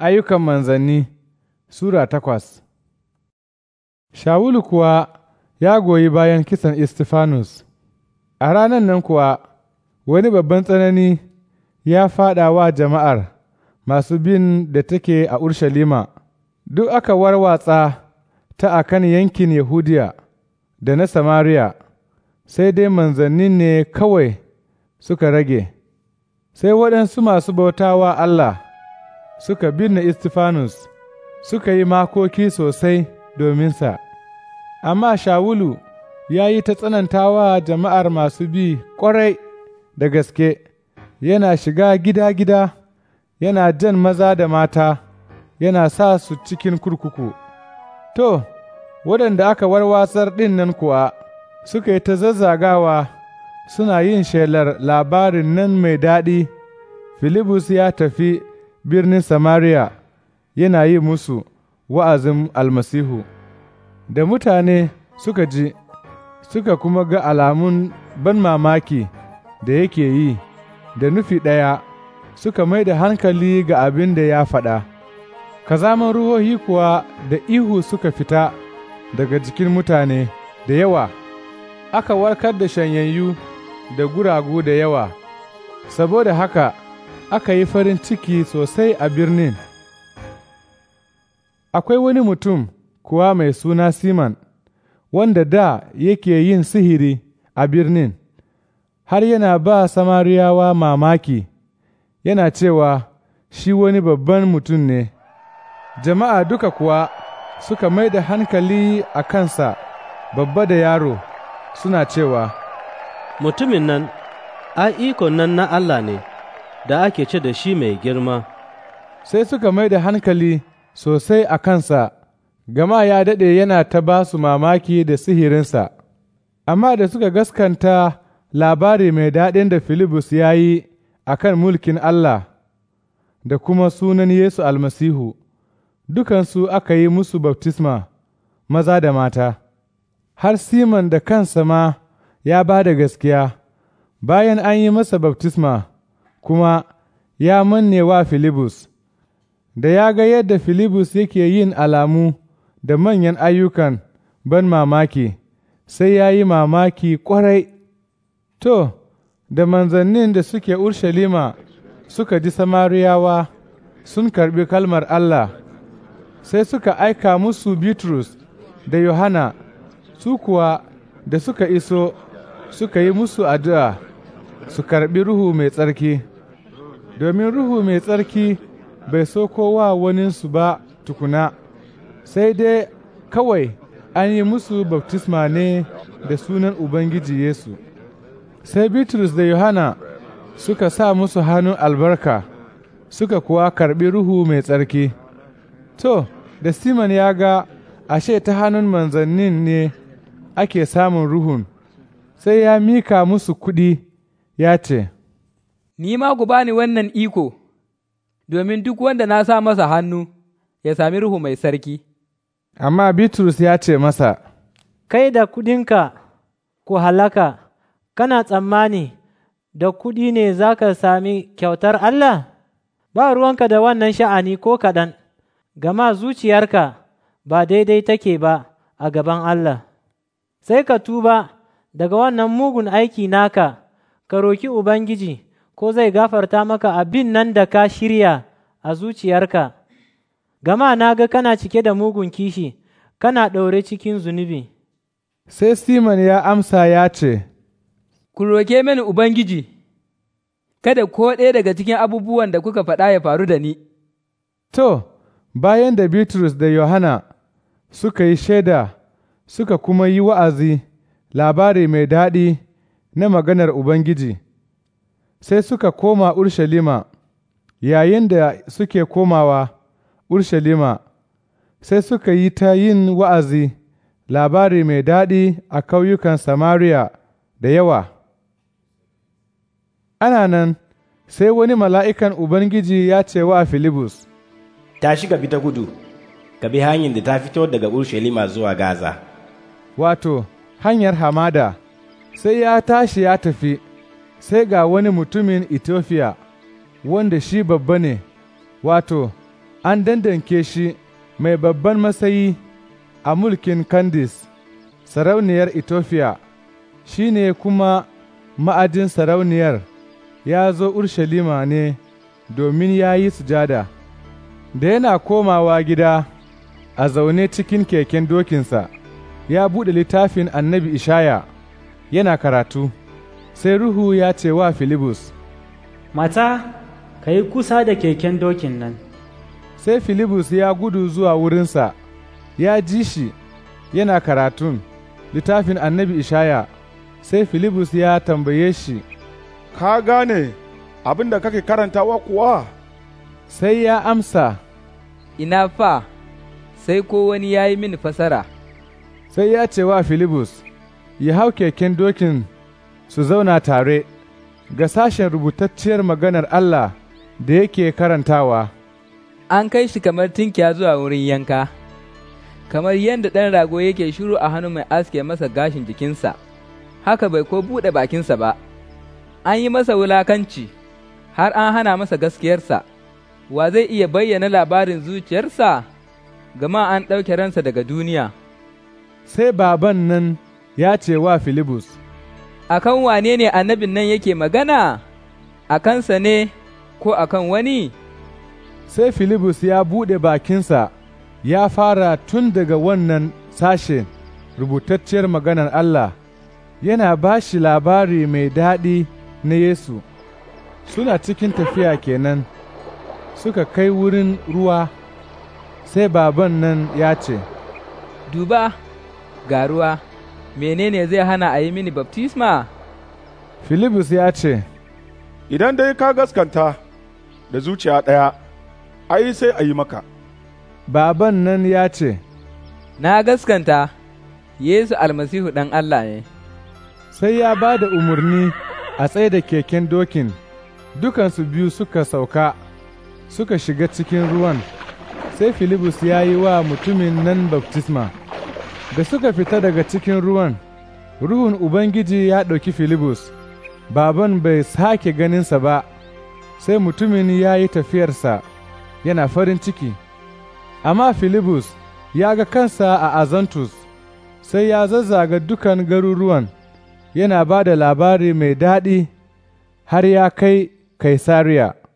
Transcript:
Ayyukan manzanni Sura takwas Shawulu kuwa ya goyi bayan kisan Istifanus, a ranar nan kuwa wani babban tsanani ya fada wa jama'ar masu bin da take a Urshalima, duk aka warwatsa ta a kan yankin Yahudiya da na Samariya, sai dai manzannin ne kawai suka rage, sai waɗansu masu bautawa Allah. suka binne Istifanus suka yi makoki sosai domin sa amma Shawulu ya yi ta tsanantawa jama'ar masu bi ƙwarai da gaske, yana shiga gida-gida, yana jan maza da mata, yana sa su cikin kurkuku. To, waɗanda aka warwatsar ɗin nan kuwa suka yi ta zazzagawa suna yin shelar labarin nan mai daɗi, Filibus ya tafi birnin Samariya yana yi musu wa'azin almasihu, da mutane suka ji, suka kuma ga alamun ban mamaki da yake yi, da nufi ɗaya suka mai da hankali ga abin da ya faɗa. Kazaman ruhohi kuwa da ihu suka fita daga jikin mutane da yawa, aka warkar da shanyayyu da guragu da yawa, saboda haka aka yi farin ciki sosai a birnin. Akwai wani mutum kuwa mai suna Siman, wanda da yake yin sihiri a birnin, har yana ba Samariyawa mamaki, yana cewa shi wani babban mutum ne. Jama'a duka kuwa suka mai da hankali a kansa, babba da yaro, suna cewa, Mutumin nan, ai, ikon nan na Allah ne. da ake ce da shi mai girma. Sai suka mai da hankali sosai a kansa, gama ya daɗe yana ta ba su mamaki da sihirinsa, amma da suka gaskanta labari mai daɗin da Filibus ya yi a kan mulkin Allah da kuma sunan Yesu almasihu, dukansu aka yi musu baftisma maza da mata, har Siman da kansa ma ya ba da gaskiya, bayan an yi masa baftisma. kuma ya manne wa Filibus, da ya ga yadda Filibus yake yin alamu da manyan ayyukan ban mamaki, sai ya yi mamaki ƙwarai. To, da manzannin da suke Urshalima suka ji Samariyawa sun karɓi kalmar Allah, sai suka aika musu Bitrus da Yohana, su kuwa da suka iso suka yi musu addu'a. su karɓi Ruhu mai tsarki, domin Ruhu mai tsarki bai so kowa waninsu ba tukuna, sai dai kawai an yi musu baftisma ne da sunan Ubangiji Yesu. Sai Bitrus da Yohana suka sa musu hannun albarka, suka kuwa karɓi Ruhu mai tsarki. To, da simon ya ga ashe ta hannun manzannin ne ake samun Ruhun, sai ya mika musu kuɗi. ya ce, Ni ma ku bani wannan iko, domin duk wanda na sa masa hannu ya sami ruhu mai sarki. Amma Bitrus ya ce masa, Kai da kudinka ku halaka, kana tsammani da kudi ne za ka sami kyautar Allah? Ba ruwanka da wannan sha'ani ko kaɗan, gama zuciyarka ba daidai take ba a gaban Allah. Sai ka tuba daga wannan mugun aiki naka. ka roki Ubangiji ko zai gafarta maka abin nan da ka shirya a zuciyarka, gama na ga kana cike da mugun kishi, kana ɗaure cikin zunubi. Sai simon ya amsa ya ce, Ku roke mini Ubangiji, kada ko ɗaya daga cikin abubuwan da kuka faɗa ya faru da ni. To, bayan da Bitrus da Yohana suka yi shaida suka kuma yi wa'azi labari mai daɗi. na maganar Ubangiji, sai suka koma Urshalima, yayin da suke komawa Urshalima, sai suka yi ta yin wa'azi labari mai daɗi a kauyukan Samariya da yawa. Ana nan, sai wani mala'ikan Ubangiji ya ce wa Filibus, Tashi ka bi ta gudu, ka bi hanyar da ta fito daga Urshalima zuwa Gaza. Wato, hanyar hamada. sai ya tashi ya tafi, sai ga wani mutumin Ethiopia wanda shi babba ne, wato, an dandanke shi mai babban matsayi a mulkin Candice, sarauniyar Ethiopia, shi ne kuma ma'ajin sarauniyar ya zo Urshalima ne domin ya yi sujada. Da yana komawa gida a zaune cikin keken dokinsa, ya buɗe littafin annabi Ishaya. yana karatu, sai Ruhu ya ce wa Filibus, Mata, ka yi kusa da keken dokin nan. Sai Filibus ya gudu zuwa wurinsa, ya ji shi yana karatun littafin annabi Ishaya, sai Filibus ya tambaye shi, Ka gane abin da kake karantawa kuwa? Sai ya amsa, Ina fa, sai ko wani ya yi mini fasara. Sai ya ce wa Filibus, ya hau keken dokin su zauna tare ga sashen rubutacciyar maganar Allah da yake karantawa. An kai shi kamar tinkiya zuwa wurin yanka, kamar yadda ɗan rago yake shiru a hannu mai aske masa gashin jikinsa, haka bai ko buɗe bakinsa ba. An yi masa wulakanci, har an hana masa gaskiyarsa, wa zai iya bayyana labarin zuciyarsa, gama an ɗauke ransa daga duniya. Sai baban nan. ya ce wa Filibus, Akan wane ne annabin nan yake magana, a kansa ne ko a kan wani? Sai Filibus ya buɗe bakinsa ya fara tun daga wannan sashe rubutacciyar maganar Allah, yana ba shi labari mai daɗi na Yesu. Suna cikin tafiya kenan, suka kai wurin ruwa, sai baban nan ya ce, Duba, ga ruwa. menene zai hana a yi mini baptisma? Filibus ya ce, Idan dai ka gaskanta da zuciya ɗaya, ai sai a yi maka. Baban nan ya ce, Na gaskanta, Yesu almasihu ɗan Allah ne. Sai ya ba da umarni a tsaye da keken dokin, dukansu biyu suka sauka, suka shiga cikin ruwan, sai Filibus ya yi wa mutumin nan baptisma. Da suka fita daga cikin ruwan, Ruhun Ubangiji ya ɗauki Filibus, baban bai sake ganinsa ba, sai mutumin ya yi tafiyarsa yana farin ciki. Amma Filibus ya ga kansa a Azantus, sai ya zazzaga dukan garuruwan yana ba da labari mai daɗi har ya kai Kaisariya.